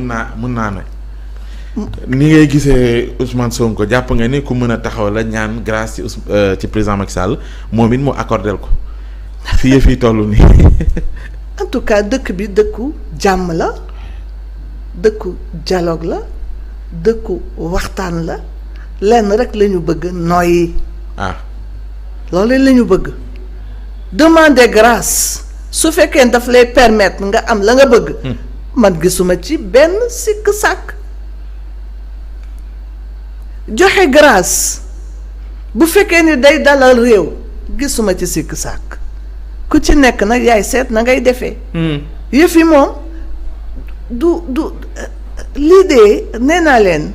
mën naa mën naa ne. ni ngay gisee Ousmane Sonko jàpp nga ni ku mën a taxaw la ñaan grâce ci euh, ci président Macky Sall moom it mu accordel ko fi yëf yi toll nii. en dëkk bi dëkku jàmm la dëkku dialogue la dëkku waxtaan la lenn rek lañu bëgg noyyi. ah loolu la bëgg. demander grâce su fekkee daf lay permettre nga am la nga bëgg. Hmm. man gisuma ci benn sikk sàkk joxe grâce bu fekkee ni day dalal réew gisuma ci sikk sàkk ku ci nekk nag yaay seet na ngay defee hmm. yëf yi moom du du lii de nee naa leen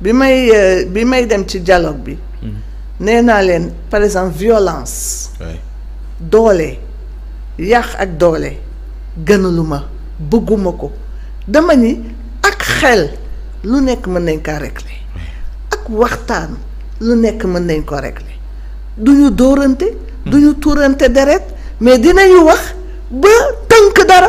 bi may euh, bi may dem ci dialogue bi hmm. nee naa leen par exemple violence doole yàq ak doole gënaluma bëgguma ko dama ni ak xel lu nekk mën nañ ko régler ak waxtaan lu nekk mën nañ ko régler du ñu dóorante du ñu tuurante deret mais dinañu wax ba tënk dara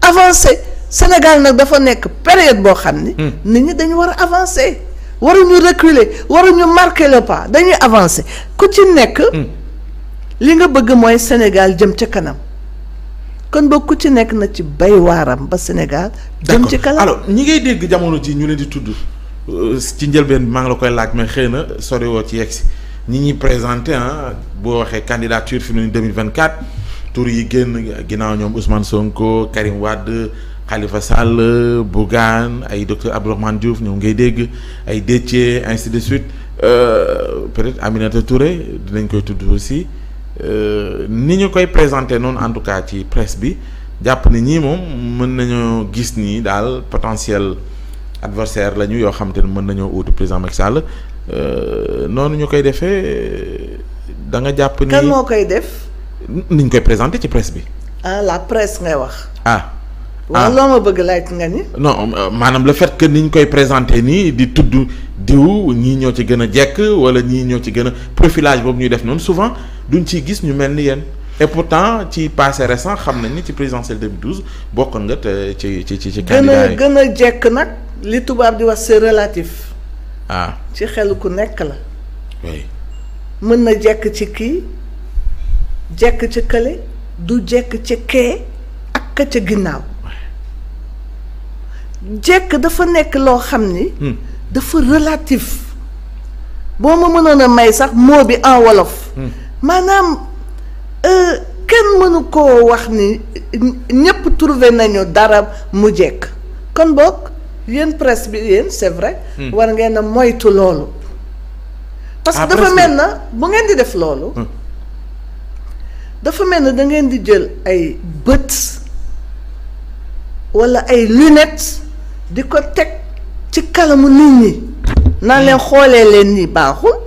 avancer Sénégal nag dafa nekk période boo xam ni hmm. nit ñi dañu war a avancer waruñu reculer waruñu marquer le pas dañuy avancer ku ci nekk hmm. li nga bëgg mooy Sénégal jëm ca kanam kon ba ku ci nekk na ci bay waaram ba Sénégal. jëm ci kanam ñi ngay dégg jamono ji ñu leen di tudd euh, ci njëlbeen bi maa ngi la koy laaj mais xëy na sori woo ci yegg si ñi ñuy présenté ah boo waxee candidature fi mu ne nii 2024 tur yi génn ginnaaw ñoom Ousmane Sonko Karim Wade. Khalifa Sall Bougane ay docteur Abdourahmane Diouf ñoom ngay dégg ay Déthié ainsi de suite euh, peut-être Aminata Touré dinañ koy tudd aussi Euh, ni ñu koy présenter noonu en tout cas ci presse bi jàpp ne ñii moom mën nañoo gis nii daal potentiel adversaire lañu yoo xam ne mën nañoo uutu président Macky Sall euh, noonu ñu koy defee da nga jàpp ni kan moo koy def. ni ñu koy présenter ci presse bi. ah la presse ngay wax. ah. ah waaw loo ma bëgg laaj nga ni. non euh, maanaam le fait que ni ñu koy présenter nii di tudd diw ñii ñoo ci gën a jekk wala ñii ñoo ci gën a profilage boobu ñuy def noonu souvent. duñ ci gis ñu mel ni yéen et pourtant ci passé récent xam nañ ni ci présidentielle 2012 bokkoon nga te ci ci ci ci. gën a jekk nag li tubaab di wax c'est relatif. ah ci xel ku nekk la. mën na jekk ci kii jekk ci kële du jekk ci kee ak ka ca ginnaaw. jekk dafa nekk loo xam ni. Hmm. dafa relatif. boo ma mënoon a may sax mot bi en wolof. Hmm. maanaam euh, kenn mënu koo wax ni ñépp trouvé nañu dara mu jekk kon boog yéen presse bi yéen c'est vrai. Hmm. war ngeen a moytu loolu. parce que ah, dafa mel na bu ngeen di def loolu. Hmm. dafa mel na da ngeen di jël ay bët walla ay lunettes di ko teg ci kalamu nit ñi. naan leen hmm. xoolee leen ni baaxul.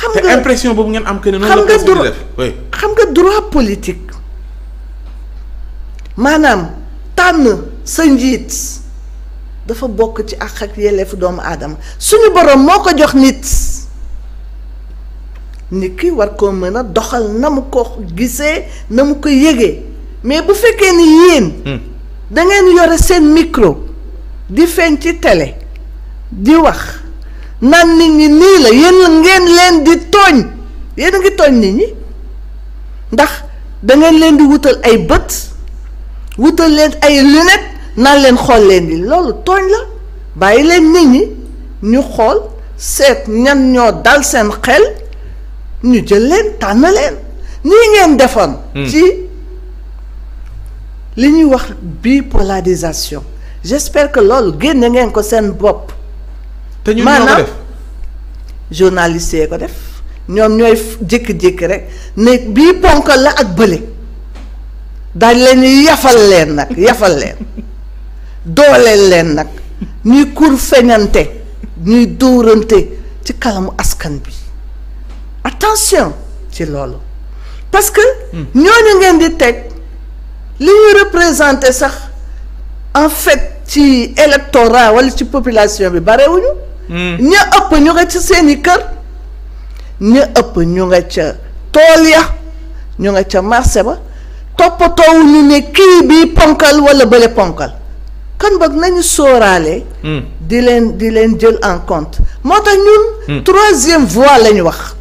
xam nga impression boobu ngeen am que ne noonu la xam nga droit xam nga droit politique maanaam tànn sa njiit dafa bokk ci ak ak yelleefu doomu aadama suñu boroom moo ko jox nit nit ki war koo mën a doxal na mu ko gisee na mu ko yégee mais bu fekkee ni yéen hmm. da ngeen yore seen micro di feeñ ci tele di wax naan nit ñi nii la yéen ngeen leen di tooñ yéen a ngi tooñ nit ñi ndax da leen di wutal ay bët wutal leen ay lunettes naan leen xool leen di loolu tooñ la bàyyi leen nit ñi ñu xool seet ñan ñoo dal seen xel ñu jël leen tànn leen nii ngeen defoon. Hmm. ci li ñuy wax bipolarisation. j'espère que loolu génne ngeen ko seen bopp. te ñun ñoo journaliste yee ko def ñoom ñooy jékki-jékki rek ne bii ponkal la ak bële dañ leen yafal leen nag yafal leen dooleel leen nag ñuy kur feñante ñuy dóorante ci kalamu askan bi attention ci loolu parce que hmm. ñooñu ngeen di teg li ñu représenté sax en fait ci électorat walla ci population bi barewuñu ña ëpp ñu nga ca seeni kër ña ëpp ñu nga ca tool ya ñu nga ca marché ba toppatoowu ñu ne kii bii ponkal wala bële ponkal kon boog nañu sóoraale hmm. di leen di leen jël en compte moo tax ñun hmm. troisième voie la ñu wax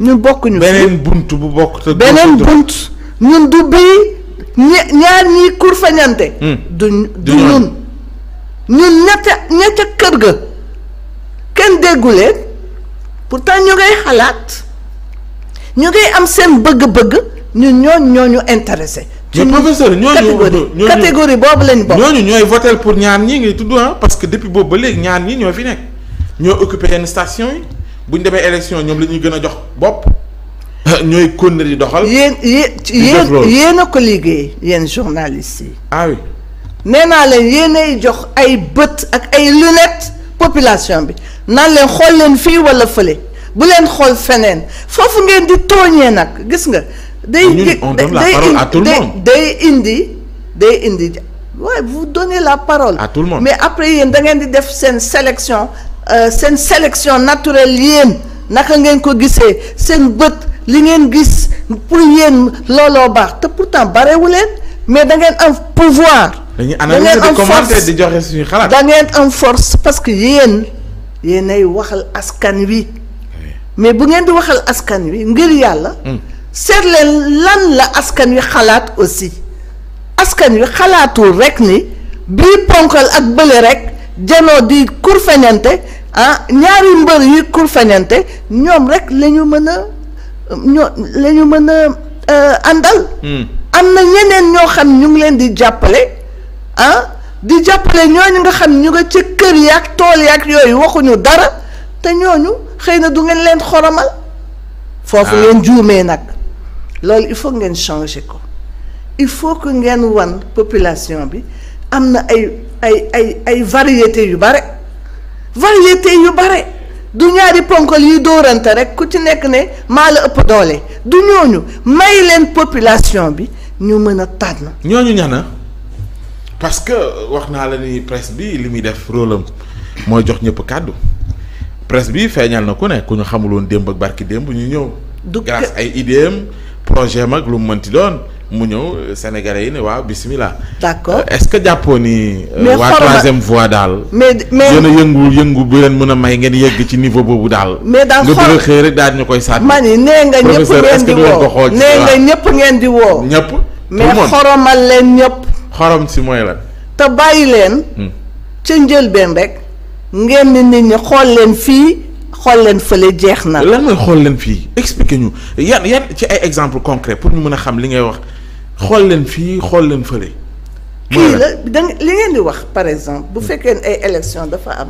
ñun bokkuñu beneen bunt bu bokk te beneen bunt ñun du bii ñaar ñii kur fañante hmm. du du ñun ñun ñette ñette kër ga kenn déggu leen pourtant ñu ngay xalaat ñu ngay am seen bëgg-bëgg ñun ñooñu ñoo ñu intéressé. ci professeur ñooñu catégorie boobu lañ bokk. ñooñu ñooy voté pour ñaar ñii ngay tudd ah parce que depuis boobu ba léegi ñaar ñii ñoo fi nekk ñoo occupé yenn station yi bu ñu demee élection ñoom la ñuy gën a jox bopp. ñooy kon di doxal. yéen yéen yéen a ko liggéey yéen journalistes yi. ah oui. nee naa leen yéenay jox ay bët ak ay lunettes population bi naan leen xool leen fii walla fële bu leen xool feneen foofu ngeen di tooñee nag gis nga. day day day indi day indi waaye vous donnez la parole à tout mais après yéen da ngeen di def seen sélection euh, seen sélection naturelle yeen naka ngeen ko gisee seen bët li ngeen gis pour yéen looloo baax te pourtant barewu leen mais da ngeen am pouvoir. da ngeen am force dañuy analyser di commenter di joxe parce que yéen. ay waxal askan wi mais bu ngeen di waxal askan wi ngir yàlla hmm. seet lan la askan wi xalaat aussi askan wi xalaatul rek ni bii ponkal ak bële rek janoo di kurfeñante ah ñaari mbër yi fañante ñoom rek la ñu mën a ñoo la mën a euh, àndal hmm. am na ñeneen ñoo xam ñu ngi leen di jàppale ah, di jàppale ñooñu nga xam ñu nga ca kër yaak tool yaak yooyu waxuñu dara te ñooñu xëy na du ngeen leen xoromal foofu ah. ngeen juumee nag loolu il faut ngeen changer ko il faut que ngeen wan population bi am na ay ay ay ay variété yu bare variété yu bare du ñaari ponkal yuy doorante rek ku ci nekk ne maa la ëpp doole du ñooñu may leen population bi ñu mën a tànn ñooñu ñana parce que wax naa la ni presse bi li muy def rôle am mooy jox ñëpp kàddu presse bi feeñal na ku ne ku ñu xamuloon démb ak barki démb ñu ñëw. du grâce ay idéem projet mag lu mu mënti doon mu ñëw euh, sénégalais yi ne waaw bismillah. d'accord euh, est-ce que jàppoo ni. Euh, waa troisième voie daal. mais mais yëngu yëngu bu leen mun a may ngeen yëgg ci niveau boobu daal. mais daal nga bëgg a xëy rek daal ñu koy sànni. ma ni nee nga ñëpp ngeen di woo professeur xool ñëpp ngeen di woo. ñëpp mais xoromal leen ñëpp. xorom si mooy lan. te bàyyi leen. Hmm. ca njëlbeen rek. ngeen ni nit ñi xool leen fii xool leen fële jeex na. la mooy xool leen fii expliquer ñu yan yan ci ay exemple concret pour ñu mën a xam li ngay wax xool leen fii xool leen fële. kii la da li ngeen di wax par exemple bu hmm. fekkee ne ay élection dafa am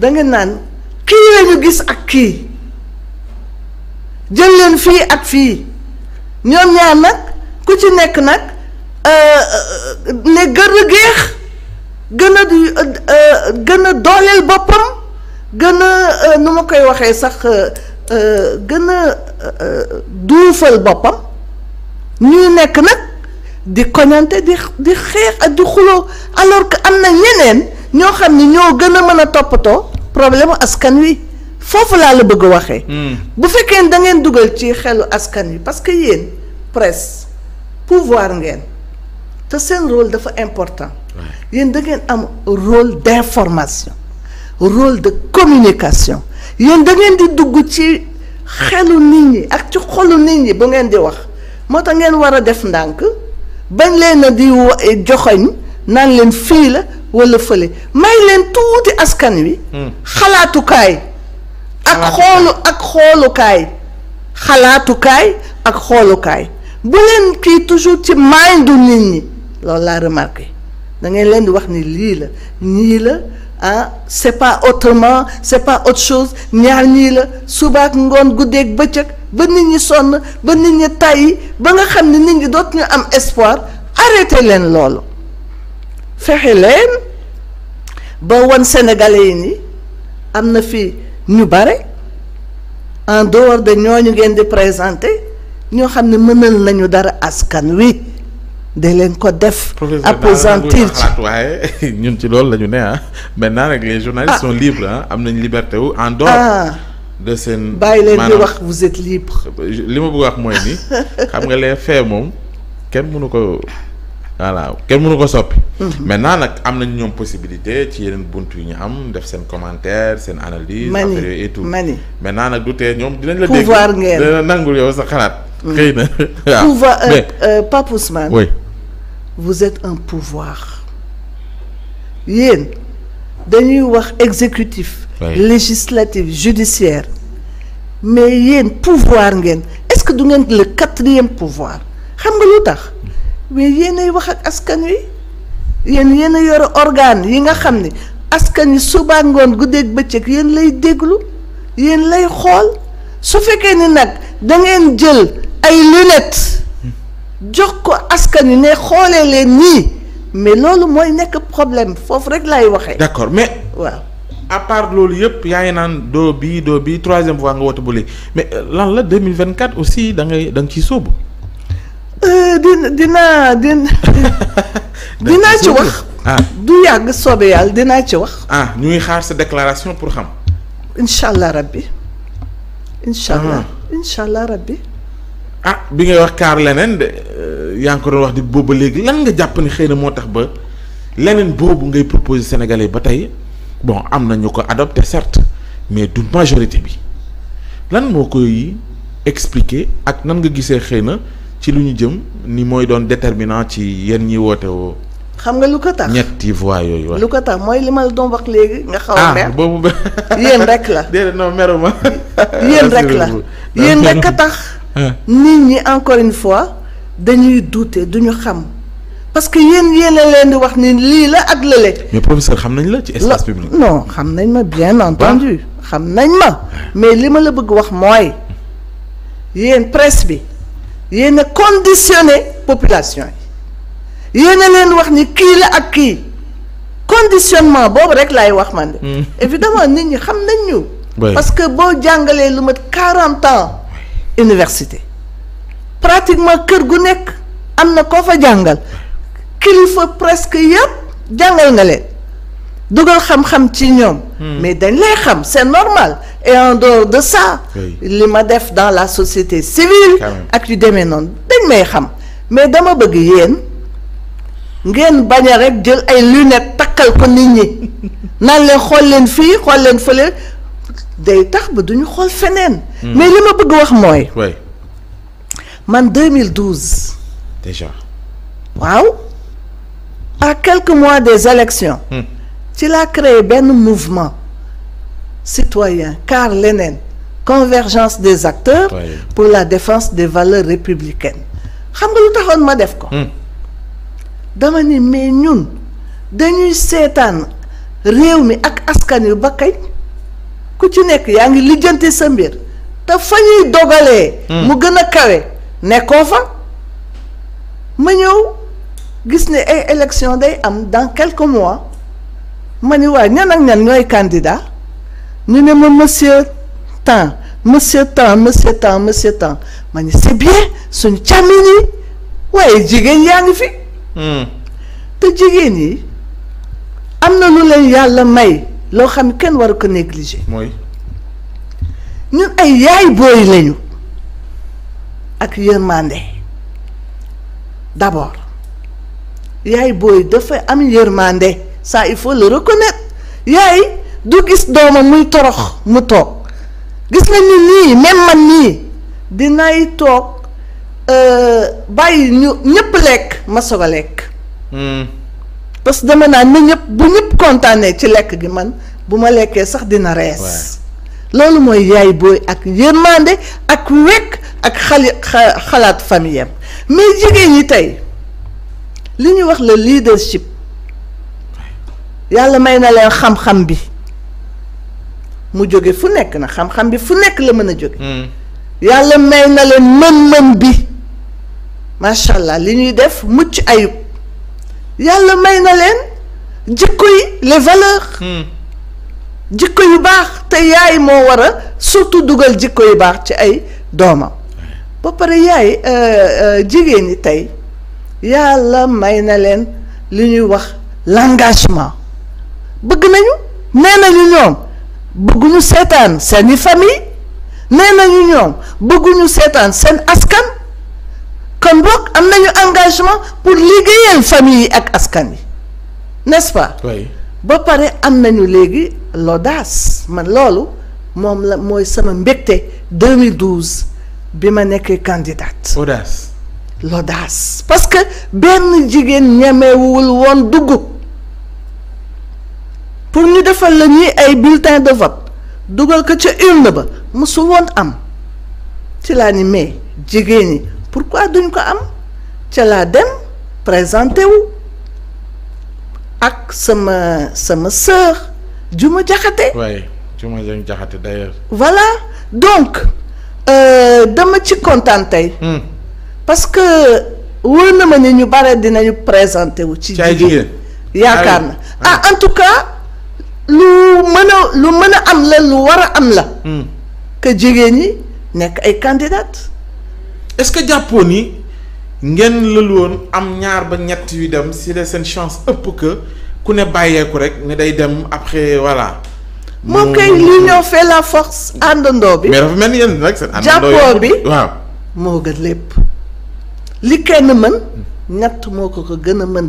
da naan kii la gis ak kii jël leen fii ak fii ñoom ñaar nag ku ci nekk nag. Euh, euh, ne gën a géex gën a euh, gën a dooleel boppam gën a nu ma koy waxee sax gën a duufal boppam ñuy nekk nag di koñante di di xeex ak di xuloo alors que am na ñeneen ñoo xam ne ñoo gën a mën a toppatoo problème askan wi foofu laa la bëgg waxee. Hmm. bu fekkee da ngeen dugal ci xelu askan wi parce que yéen presse pouvoir ngeen. te seen rôle dafa important yéen dangeen am rôle d'information rôle de communication yéen da ngeen di dugg ci xelu nit ñi ak ci xolu nit ñi bu ngeen di wax moo tax ngeen war a def ndànk bañ leen a di joxoñ naan leen fii la wala fële may leen tuuti askan wi hmm. xalaatukaay ak xoolu ak xoolukaay xalaatukaay ak xoolukaay bu leen kii toujours ci maandu nit ñi loolu laa remarqué da ngay leen di wax ni lii la ñii la ah c'est pas autrement c'est pas autre ñaar ñii la subaak ngoon guddeeg bëccëg ba nit ñi sonn ba nit ñi tàyyi ba nga xam ne nit ñi doot ñu am espoir arrêté leen loolu fexe leen ba won sénégalais yi am na fi ñu bare en dehors de ñu ngeen di présenté ñoo xam ne mënal nañu dara askan wi day leen ko def. appesantir ci waaye ñun ci loolu la ñu ne ah maintenant rek les journalistes ah. sont libres ah am nañ liberté wu en dehors. Ah. de seen bàyyi leen di wax vous êtes libre. li ma bëgg wax mooy ni xam nga les faits moom kenn mënu ko voilà kenn mënu ko soppi. Mhm. maintenant nag am nañ ñoom possibilité ci yeneen bunt yu ñu am def seen commentaire seen analyse. mani et tout mani maintenant nag du tee ñoom dinañ la dégg pouvoir ngeen nangul yow sa xalaat. Mhm. xëy na waaw euh, mais euh, Pape vous êtes un pouvoir yéen dañuy wax exécutif législatif judiciaire mais yéen pouvoir ngeen est-ce que du ngeen le quatrième pouvoir xam nga lu tax mais yéen ay wax ak askan wi yéen yéen a yore organe yi nga xam ni askan yi subaa ngoon guddeeg bëccëg yéen lay déglu yéen lay xool su fekkee ni nag da ngeen jël ay lunettes jox ko askan wi ne xoolee leen nii mais loolu mooy nekk problème foofu rek laay waxee. d'accord mais waaw. à loolu yëpp yaa ngi naan do bii doo bi troisième fois nga woote bu léegi mais euh, lan la deux mille vingt quatre aussi da ngay da nga ciy sóobu. Euh, dina dinaa dina dinaa ci wax. ah du yàgg soobee yàlla dinaa ci wax. ah ñu ngi xaar sa déclaration pour xam. incha allah rabbi incha allah ah. incha allah rabbi. ah bi ngay wax kaar leneen de euh, yaa ngi ko doon wax di boobu ba léegi lan nga jàpp ni xëy na moo tax ba leneen boobu ngay proposer sénégalais ba tey bon am na ñu ko adopté certes mais du majorité bi lan moo koy expliquer ak nan nga gisee xëy na ci lu ñu jëm ni mooy doon déterminant ci yenn ñi woote woo. xam nga lu ko tax ñetti voix yooyu. lu ko tax mooy li ma la doon wax léegi nga. xaw a ah, mer boobu ba. yéen rek la. déedéet rek a tax. nit ñi encore une fois dañuy douter duñu xam parce que yéen yéen a leen di wax ni lii la ak lële. mais professeur xam nañ la ci espace public. non xam nañ ma bien entendu xam nañ ma mais li ma la bëgg wax mooy yéen presse bi yéen a conditionné population yi yéen leen wax ni kii la ak kii conditionnement boobu rek laay wax man de. Hmm. évidemment nit ñi xam nañ ñu. parce que boo jàngalee lu mat quarante ans. université pratiquement kër gu nekk am na koo fa jàngal kilifa presque yëpp jàngal nga leen dugal xam-xam ci ñoom. Hmm. mais dañ lay xam c'est normal et en dehors de ça. li ma def dans la société civile. ak yu demee noonu dañ may xam mais dama bëgg yéen ngeen bañ a rek jël ay lunettes takkal ko nit ñi naan leen xool leen fii xool leen fële. day tax ba duñu xool feneen. Hmm. mais li ma bëgg wax mooy. oui man 2012. déjà. waaw à quelques mois des élections hmm. ci laa créé benn mouvement citoyen car leneen convergence des acteurs pour la défense des valeurs républicaines xam nga lu taxoon ma def ko hmm. dama ni mais ñun dañuy seetaan réew mi ak askan yu ba kañ ku ci nekk yaa ngi lijjanti sa mbir te fa ñuy dogalee. Hmm. mu gën a kawe nekkoo fa. ma ñëw gis ni ay élection day am dans quelques mois ma ni waa ñan ak ñan ñooy candidat ñu ne ma monsieur Tan monsieur Tan monsieur Tan monsieur Tan ma ni c'est bien suñu càmmiñ yi waaye jigéen yaa ngi fi. Hmm. te jigéen yi am na lu leen yàlla may. loo xam ne kenn waru ko négliger. mooy ñun ay yaay booy lañu ak yërmande d'abord yaay booy dafa am yërmande saa il faut le reconnaître yaay du gis doomam muy torox mu toog gis nga ni nii même man nii dinay toog euh, bàyyi ñu ñëpp lekk ma soog a lekk. Hmm. parce que dama naan na ñëpp bu ñëpp kontaanee ci lekk gi man bu ma lekkee sax dina rees loolu mooy yaay booy ak yërmande ak wekk ak xali xalaat famille mais jigéen ñi tey li ñuy wax le leadership yàlla may na leen xam-xam bi mu jóge fu nekk na xam-xam bi fu nekk la mën a jóge hmm. yàlla may na leen mën-mën bi macha allah li ñuy def mucc ayub yàlla may na leen jikko yi le valeurs. Hmm. jikko yu baax te yaay moo wara surtout dugal jikko yu baax ci ay doomam. ba pare yaay euh, euh, jigéen ñi tey yàlla may na leen li ñuy wax l'engagement bëgg nañu nee nañu ñoom bëgguñu seetaan seeni famille nee nañu ñoom bëgguñu seetaan seen askan kon boog am nañu engagement pour liggéeyal famille yi ak askan wi n'est-ce pas. oui ba pare am nañu léegi l'audace man loolu moom la mooy sama mbégte 2012 bi ma nekkee candidate. audace. l'audace parce que benn jigéen ñemewul woon dugg pour ñu defal la ñuy ay bulletin de vote dugal ko ca urne ba mosu woon am ci laa ni mais jigéen ñi pourquoi duñ ko am ca laa dem présenté wu ak sama sama sœur Juma Jaxate oui Juma Jaxate d'ailleurs voilà donc euh, dama ci kontaan tey hmm. parce que wóor na ma ni ñu bare dinañu présenté wu ci jigéen yaakaar na ah, ah en tout cas lu mën a lu mën a am la lu war a am la hmm. que jigéen ñi nekk ay candidate est-ce que jàppoo nii ngeen lëlu woon am ñaar ba ñett yu dem si la seen chance ëpp que ku ne bàyyeeku rek ne day dem après voilà. moo kay l'union fait la force àndandoo bi. mais dafa mel ni yéen rek seen àndandoo bi waaw. moo gën lépp li kenn mën ñett moo ko ko gën a mën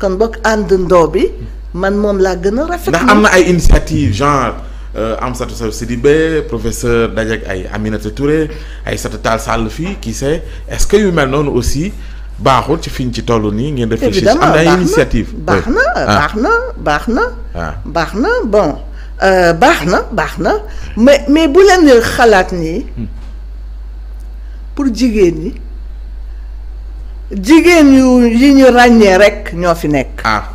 kon bokk àndandoo bi man moom laa gën a rafet. ndax am na ay initiative genre. Euh, Amsatou Sow Sidibé professeur dajeek ay Aminata Touré ay Aïssata Tall fii qui sait est-ce que yu mel noonu aussi baaxul ci fiñ ci tollu nii ngeen réfléchir am na initiative ah. baax na baax na baax ah. na baax na bon euh, baax na baax na mais mais bu leen xalaat nii hmm. pour jigéen ñi jigéen yu yi ñu ràññee rek ñoo fi nekk ah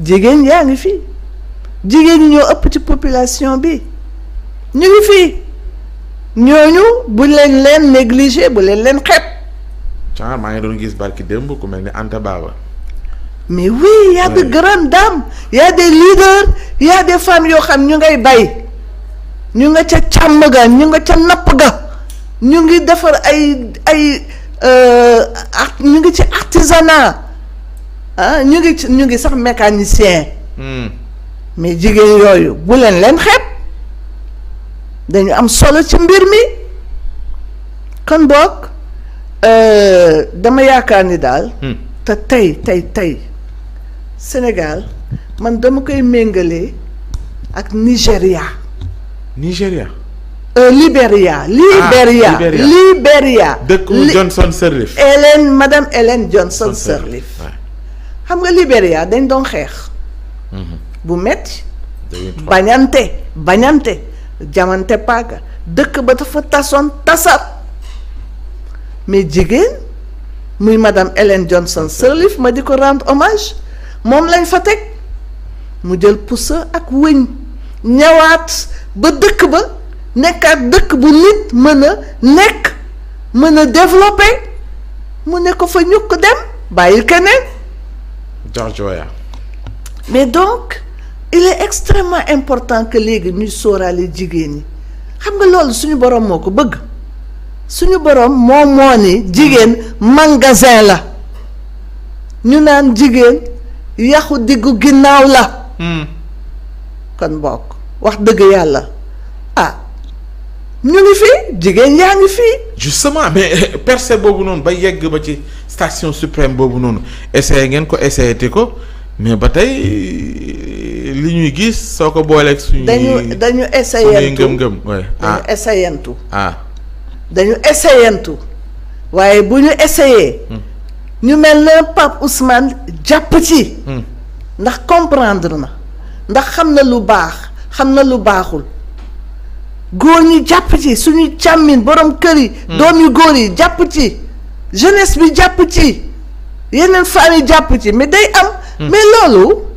jigéen yaa ngi fii jigéen ñi ñoo ëpp ci population bi ñu ngi fii ñooñu bu leen leen négligé bu leen leen xeeb. genre maa ngi doon gis barki démb ku mel ni Anta Baba. mais oui y a de grandes dames y a des leaders y yoo xam ñu ngay bay ñu nga ca càmm ga ñu nga ca napp ga ñu ngi defar ay ay euh, art ñu ngi ci artisanat ah ñu ngi ci ñu ngi sax mécanicien. Hmm. mais jigéen yooyu bu leen leen xeeb dañu am solo ci mbir mi kon boog euh, dama yaakaar ni daal. Hmm. te tey tey tey Sénégal man dama koy méngale ak Nigéria. Nigéria. Euh, Libéria. Ah, Libéria Libéria dëkk Johnson Sirleaf. Hélène madame Hélène Johnson Sirleaf. xam nga Libéria dañ doon xeex. bu metti bañante bañante jamante paaka dëkk ba dafa tasoon tasar mais jigéen muy madam Hélène Johnson Sirleaf ma di ko rendre hommage moom lañ fa teg mu jël pousse ak wëñ ñëwaat ba dëkk ba nekkaat dëkk bu nit mën a nekk mën a développé mu ne ko fa ñukk dem bàyyi keneen. George mais donc. il est extrêmement important que léegi ñuy sóoraale jigéen ñi xam nga loolu suñu borom moo ko bëgg suñu borom moo moo ni jigéen magasin la ñu naan jigéen yaxu diggu ginnaaw la. Hmm. kon bokk wax dëgg yàlla ah ñu ngi fii jigéen yaa ngi fii. justement mais percée boobu noonu ba yegg ba ci station suprême boobu noonu essayé ngeen ko essayé ko mais ba tey. li ñuy gis soo ko booleeg suñuy. dañu dañu essayantu ngëm-ngëm waay dañu ah. essayantu ah. dañu essayantu waaye bu ñu essayé. Hmm. ñu mel na Pape Ousmane jàpp ci. Hmm. ndax comprendre na ndax xam na lu baax xam na lu baaxul góor ñi jàpp ci suñu càmmin borom kër yi. Hmm. doom yu góor yi jàpp ci jeunesse bi jàpp ci yeneen famille jàpp ci mi day am. mais loolu.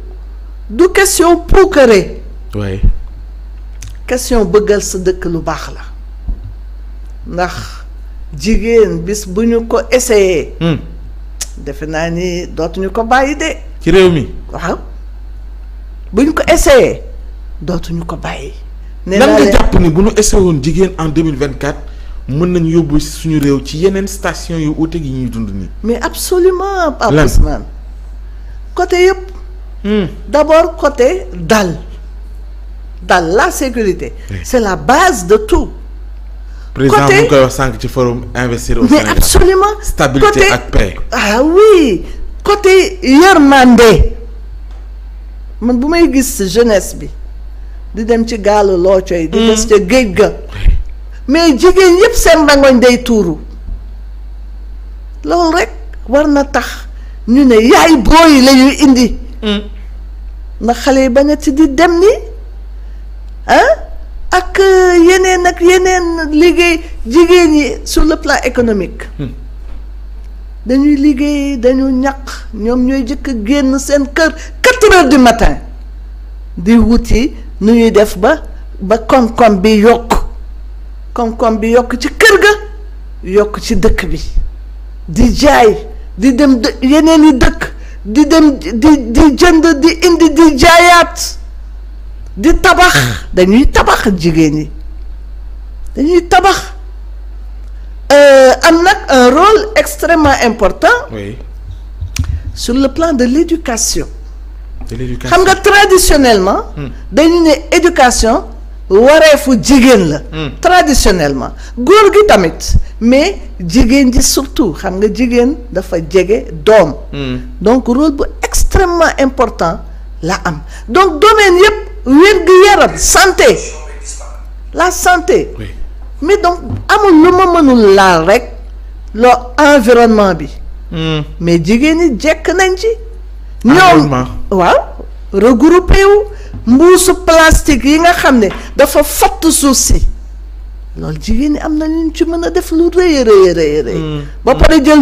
du question puukaree. oui. question bëggal sa dëkk lu baax la ndax jigéen bis bu ñu ko essayé. Hmm. defe naa ni dootuñu ko bàyyi de. ci réew mi waaw bu ñu ko essayé dootuñu ko bàyyi. nee naa nga jàpp ni bu nu essayé woon jigéen en deux vingt quatre mën nañu yóbbu suñu réew ci yeneen station yu ute gi ñuy dund nii. mais absolument Pape Ousmane côté yëpp. Mmh. D'abord, côté dal. Dal, la sécurité. Oui. C'est la base de tout. Président, côté... du forum investir au Mais Sénégal. absolument. Stabilité côté... et paix. Ah Côté yermandé. man bu may gis jeunesse bi di dem ci gaalu loo yi. di hmm. des ca géej ga. mais jigéen yépp seen rangoñ day tuuru loolu rek war na tax ñu ne yaay booy la ñuy indi ndax xale yi ba nga ci di dem ni ah ak euh, yeneen ak yeneen liggéey jigéen ñi sur le plan économique hmm. dañuy liggéey dañu ñaq ñoom ñooy jëkk génn seen kër quatre heures du matin di wuti nu ñuy def ba ba koom-koom bi yokk koom-koom bi yokk ci kër ga yokk ci dëkk bi di jaay di dem yeneen i dëkk di dem di di jënd di indi di jaayaat di tabax hmm. dañuy tabax jigéen ñi dañuy tabax euh, am nag un rôle extrêmement important oui. le plan de l'éducation de l'éducation xam nga traditionnellement hmm. dañu ne éducation wareefu jigéen la hmm. traditionnellement góor gi tamit mais jigéen ji surtout xam nga jigéen dafa jege doom hmm. donc rôle bu extrêmement important la am donc domaine yëpp wér-gu-yaram santé la santé oui. mais donc amul lu ma mënul laal rek loo environnement bi hmm. mais jigéen ñi jekk nañ ci ñoom waaw regroupé wu mbuusu plastique yi nga xam ne dafa fatt suuf si loolu jigéen ñi am na lu ñu ci mën a def lu rëy a rëy a rëy mm. ba pare jël